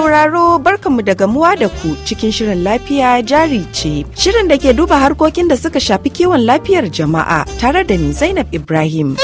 sauraro barkanmu da gamuwa da ku cikin shirin lafiya jari ce. Shirin da ke duba harkokin da suka shafi kiwon lafiyar jama'a tare da ni Zainab Ibrahim.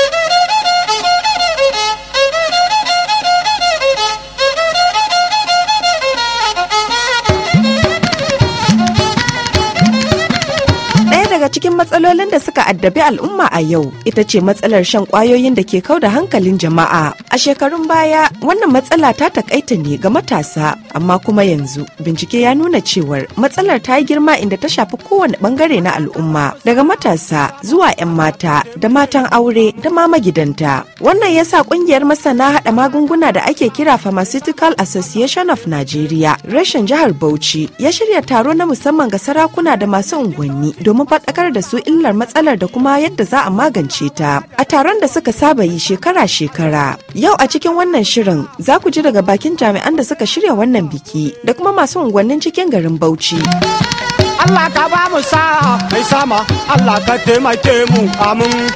cikin matsalolin da suka addabi al'umma a yau ita ce matsalar shan kwayoyin da ke kau da hankalin jama'a. A shekarun baya wannan matsala ta takaita ne ga matasa amma kuma yanzu bincike ya nuna cewar matsalar ta yi girma inda ta shafi kowane bangare na al'umma daga matasa zuwa 'yan mata da matan aure da ma magidanta. Wannan ya sa kungiyar masana haɗa magunguna da ake kira Pharmaceutical Association of Nigeria rashin jihar Bauchi ya shirya taro na musamman ga sarakuna da masu unguwanni domin faɗakar sanar da su illar matsalar da kuma yadda za a magance ta a taron da suka saba yi shekara-shekara. Yau a cikin wannan shirin za ku ji daga bakin jami'an da suka shirya wannan biki da kuma masu unguwannin cikin garin Bauchi. Allah ka ba mu sa'a mai sama Allah ka taimake mu amin.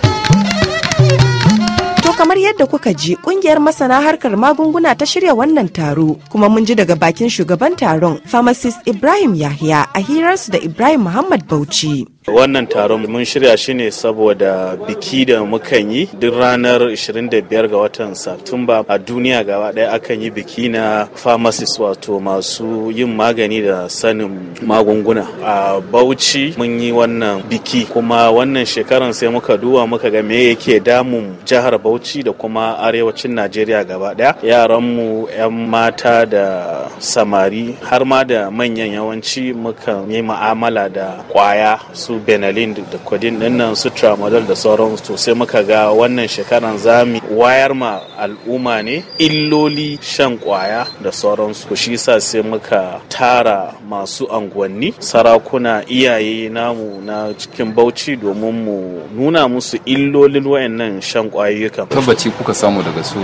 To kamar yadda kuka ji kungiyar masana harkar magunguna ta shirya wannan taro kuma mun ji daga bakin shugaban taron pharmacist Ibrahim Yahya a hirarsu da Ibrahim Muhammad Bauchi. Wannan taron mun shirya shi ne saboda biki da mukan yi duk ranar 25 ga watan Satumba a duniya gaba daya akan yi biki na pharmacist wato masu yin magani da sanin magunguna. A Bauchi mun yi wannan biki kuma wannan shekaran sai muka duba muka ga me yake damun jihar Bauchi da kuma arewacin Najeriya gaba ɗaya. Yaranmu 'yan mata da samari har ma da manyan yawanci muka yi ma'amala da kwaya su su benelin da kwadin dinnan su tramadol da sauransu to sai muka ga wannan shekaran zami wayar ma al'umma ne illoli shan kwaya da sauransu shi sa sai muka tara masu anguwanni. sarakuna iyaye namu na cikin bauchi domin mu nuna musu illolin wayannan shan kwayoyukan tabbaci kuka samu daga su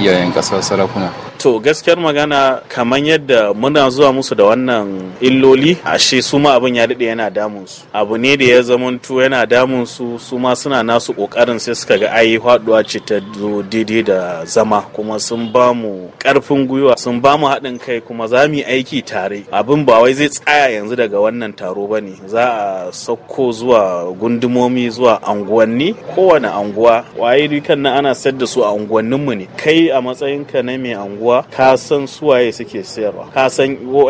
iyayen kasa sarakuna to gaskiyar magana kamar yadda muna zuwa musu da wannan illoli ashe su ma abin ya daɗe yana damun su abu ne da ya zamanto yana damun su su ma suna nasu kokarin sai suka ga ayi faduwa ce ta daidai da zama kuma sun ba mu karfin gwiwa sun ba mu haɗin kai kuma za mu yi aiki tare abin ba wai zai tsaya yanzu daga wannan taro ba ne za a sauko zuwa gundumomi zuwa anguwanni kowane anguwa waye dukan na ana sayar da su a mu ne kai a matsayin ka na mai anguwa ka san suwaye suke sayarwa ka san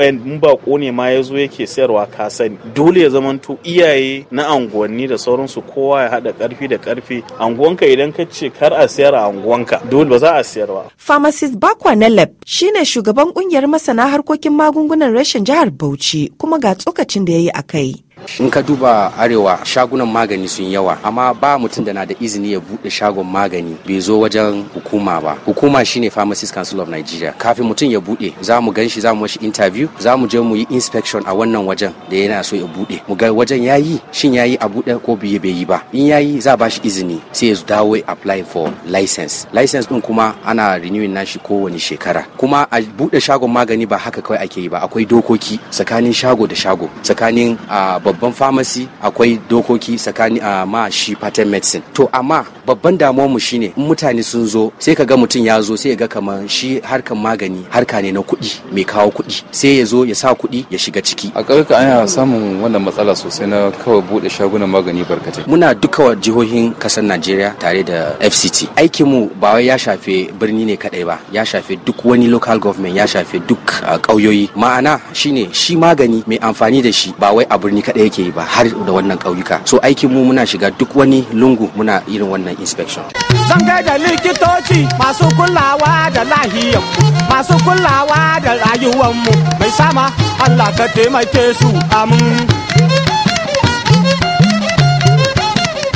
in ba ne ma ya yake sayarwa ka sani dole ya zamanto iyaye yi na anguwanni da sauransu kowa ya haɗa ƙarfi da ƙarfi anguwanka idan ka ce kar a siyar a anguwanka dole ba za a siyar ba. pharmacist bakwa na lab shine shugaban kungiyar masana harkokin magungunan rashin jihar bauchi kuma ga tsokacin da ya yi a kai. in ka duba arewa shagunan magani sun yawa amma ba mutum da na da izini ya bude shagon magani bai zo wajen hukuma ba hukuma shine pharmacist council of nigeria kafin mutum ya bude za mu gan shi za mu mashi interview za mu je mu yi inspection a wannan wajen da yana so ya bude mu ga wajen yayi shin yayi a bude ko bai bai yi ba in yayi za ba shi izini sai ya dawo apply for license license din kuma ana renewing nashi kowane shekara kuma a bude shagon magani ba haka kawai ake yi ba akwai dokoki tsakanin shago da shago tsakanin a ah, babban famasi akwai dokoki tsakani a ah, ma shi patent medicine to amma babban damuwan mu shine in mutane sun zo sai ka ga mutum ya zo sai ya ga kamar shi harkan magani harka ne na kuɗi mai kawo kuɗi sai ya zo ya sa kuɗi ya shiga ciki a ƙauyuka ana samun wannan matsala sosai na kawai buɗe shagunan magani barkatai muna duka jihohin kasar Najeriya tare da FCT aikin mu ba wai ya shafe birni ne kadai ba ya shafe duk wani local government ya shafe duk ah, ƙauyoyi ma'ana shine shi magani mai amfani da shi ba wai a birni kadai yake yi ba har da wannan ƙauyuka so aikin mu muna shiga duk wani lungu muna irin wannan wannan inspection. Zan da likitoci masu kulawa da lahiyar masu kulawa da rayuwanmu mai sama Allah ka taimake su amin.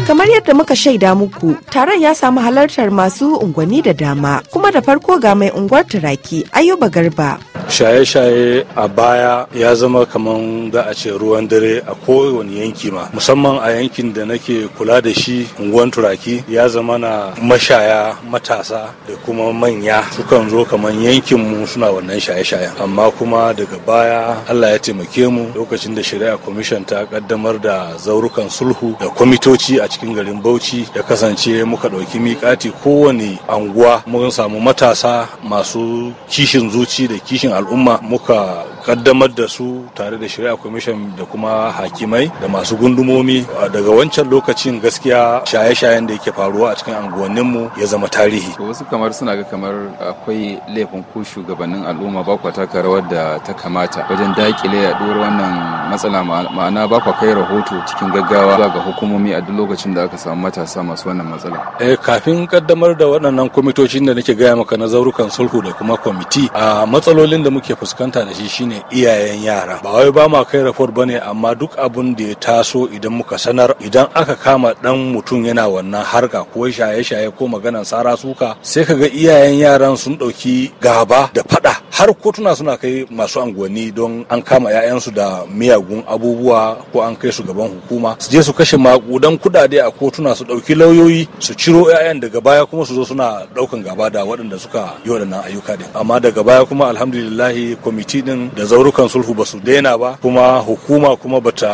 Kamar yadda muka shaida muku, taron ya samu halartar masu unguwanni da dama, kuma da farko ga mai unguwar turaki Ayuba Garba, shaye-shaye a baya ya zama kamar da a ce ruwan dare a kowane yanki ma musamman a yankin da nake kula da shi unguwan turaki ya zama na mashaya matasa da kuma manya sukan zo kamar yankin mu suna wannan shaye-shayen amma kuma daga baya Allah ya taimake mu lokacin da shari'a commission ta kaddamar da zaurukan sulhu da kwamitoci a cikin garin Bauchi ya kasance muka ɗauki miƙati kowane anguwa mun samu matasa masu kishin zuci da kishin الأمة مكا kaddamar da su tare da shari'a commission da kuma hakimai da masu gundumomi daga wancan lokacin gaskiya shaye-shayen da yake faruwa a cikin anguwanninmu ya zama tarihi wasu kamar suna ga kamar akwai laifin ku shugabannin al'umma ba kwa taka rawar da ta kamata wajen dakile yaduwar wannan matsala ma'ana ba kai rahoto cikin gaggawa ga hukumomi a duk lokacin da aka samu matasa masu wannan matsala eh kafin kaddamar da waɗannan kwamitocin da nake gaya maka na zaurukan sulhu da kuma kwamiti a matsalolin da muke fuskanta da shi shine ne iyayen yara ba wai ba ma kai rapor ba ne amma duk abun da ya taso idan muka sanar idan aka kama dan mutum yana wannan harka ko shaye-shaye ko maganan sara suka sai kaga iyayen yaran sun ɗauki gaba da faɗa har kotuna suna kai masu anguwanni don an kama 'ya'yansu da miyagun abubuwa ko an kai su gaban hukuma su je su kashe makudan kudade a kotuna su dauki lauyoyi su ciro 'ya'yan daga baya kuma su zo suna daukan gaba da waɗanda suka yi waɗannan ayyuka din amma daga baya kuma alhamdulillahi kwamiti din da zaurukan sulhu ba su daina ba kuma hukuma kuma bata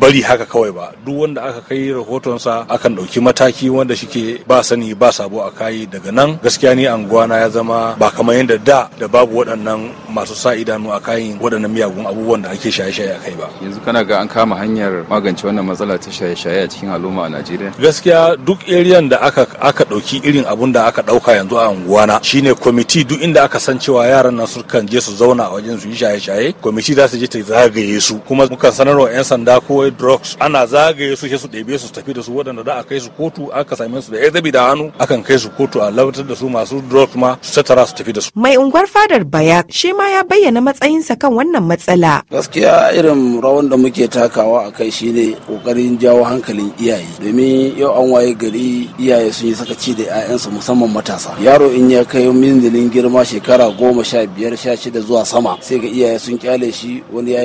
bari haka kawai ba duk wanda aka kai rahoton sa akan dauki mataki wanda shike ba sani ba sabo a kayi daga nan gaskiya ni anguwana ya zama ba kamar yadda da da babu wadanda. waɗannan masu sa idanu a kayan waɗannan miyagun abubuwan da ake shaye-shaye a kai ba yanzu kana ga an kama hanyar magance wannan matsala ta shaye-shaye a cikin al'umma a Najeriya gaskiya duk eriyan da aka aka ɗauki irin abun da aka ɗauka yanzu a unguwana shine kwamiti duk inda aka san cewa yaran nan sukan je su zauna a wajen su yi shaye-shaye kwamiti za su je ta zagaye su kuma mukan sanarwa 'yan sanda ko drugs ana zagaye su sai su ɗebe su tafi da su waɗanda da a kai su kotu aka same su da ya da hannu akan kai su kotu a labatar da su masu drugs ma su tattara su tafi da su mai unguwar fadar bayan Yahaya shi ma ya bayyana matsayinsa kan wannan matsala. Gaskiya irin rawan da muke takawa a kai shine kokarin jawo hankalin iyaye domin yau an waye gari iyaye sun yi sakaci da 'ya'yansu musamman matasa. Yaro in ya kai minzilin girma shekara goma sha biyar sha shida zuwa sama sai ga iyaye sun kyale shi wani ya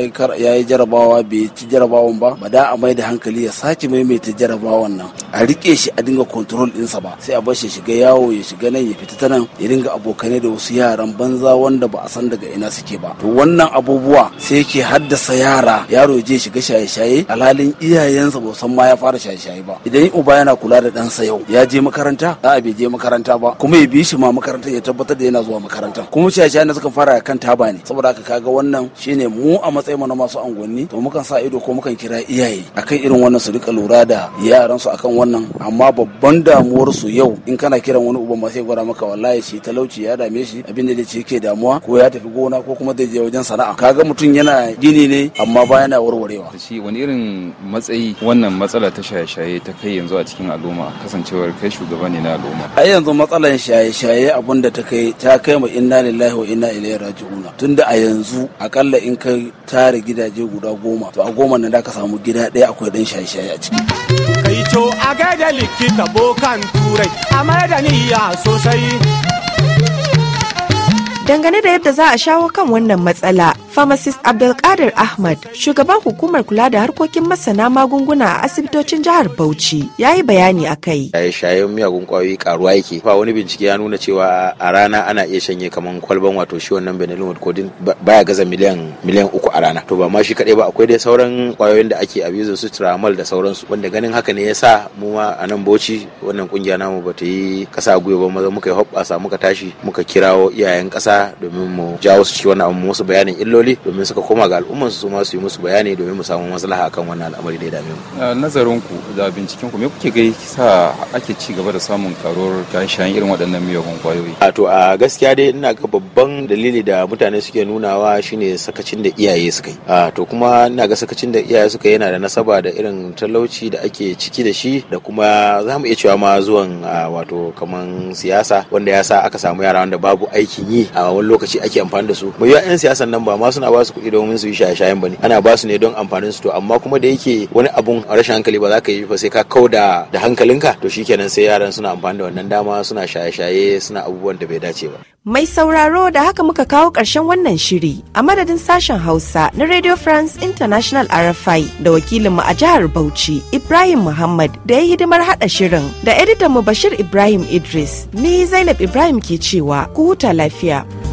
yi jarabawa bai ci jarabawan ba ba da a mai da hankali ya sake maimaita jarabawan nan a rike shi a dinga kontrol ɗinsa ba sai a bar shi shiga yawo ya shiga nan ya fita ta nan ya dinga abokanai da wasu yaran banza wanda ba ba a san daga ina suke ba to wannan abubuwa sai yake haddasa yara yaro je shiga shaye-shaye alhalin iyayensa ba san ma ya fara shaye-shaye ba idan uba yana kula da ɗansa yau ya je makaranta a bai je makaranta ba kuma ya bi shi ma makaranta ya tabbatar da yana zuwa makaranta kuma shaye-shaye na suka fara kan taba ne saboda haka kaga wannan shine mu a matsayin mu na masu unguwanni to mukan sa ido ko mukan kira iyaye akan irin wannan su rika lura da yaran su akan wannan amma babban damuwar su yau in kana kiran wani uban ma sai gwada maka wallahi shi talauci ya dame shi abin da ke damuwa ko ya tafi gona ko kuma zai je wajen sana'a Ka ga mutum yana gini ne amma ba yana warwarewa shi wani irin matsayi wannan matsala ta shaye-shaye ta kai yanzu a cikin al'umma kasancewar kai shugaba ne na al'umma ai yanzu matsalan shaye-shaye abun da ta kai ta kai mu inna lillahi wa inna ilaihi raji'un tunda a yanzu akalla in ka tare gidaje guda goma to a goma nan da ka samu gida ɗaya akwai dan shaye-shaye a ciki kai to a da likita bokan turai a da niyya sosai Dangane da yadda za a shawo kan wannan matsala, pharmacist Abdulkadir Ahmad, shugaban hukumar kula da harkokin masana magunguna a asibitocin jihar Bauchi, ya yi bayani a kai. Shaye-shayen miyagun kwayoyi karuwa yake. Fa wani bincike ya nuna cewa a rana ana iya shanye kamar kwalban wato shi wannan Benelin kodin baya gaza miliyan miliyan uku a rana. To ba ma shi kaɗai ba akwai dai sauran kwayoyin da ake abuse su tramal da sauransu wanda ganin haka ne ya sa mu ma a nan Bauchi wannan kungiya namu ba ta yi kasa gwiwa ba maza muka yi hoɓɓasa muka tashi muka kirawo iyayen kasa domin mu jawo su cikin wannan musu bayanin illoli domin suka koma ga al'umman su ma su yi musu bayani domin mu samu maslaha akan wannan al'amari da ya dame mu nazarin ku da binciken ku me kuke gai sa ake ci gaba da samun karuwar shayen irin waɗannan miyagun kwayoyi a to a gaskiya dai ina ga babban dalili da mutane suke nunawa shine sakacin da iyaye suka yi a to kuma ina ga sakacin da iyaye suka yana da nasaba da irin talauci da ake ciki da shi da kuma za mu iya cewa ma zuwan wato kaman siyasa wanda ya sa aka samu yara wanda babu aikin yi a wani lokaci ake amfani da su ba yi 'yan siyasan nan ba ma suna ba su kuɗi domin su yi shaye-shayen ba ne ana ba su ne don amfanin su to amma kuma da yake wani abun rashin hankali ba za ka yi ba sai ka kauda da hankalinka to shikenan sai yaran suna amfani da wannan dama suna shaye-shaye suna abubuwan da bai dace ba Mai sauraro da haka muka kawo ƙarshen wannan shiri a madadin sashen Hausa na Radio France International RFI da wakilinmu a jihar Bauchi Ibrahim Muhammad da ya hidimar haɗa shirin da editanmu Bashir Ibrahim Idris ni Zainab Ibrahim ke cewa ku huta lafiya.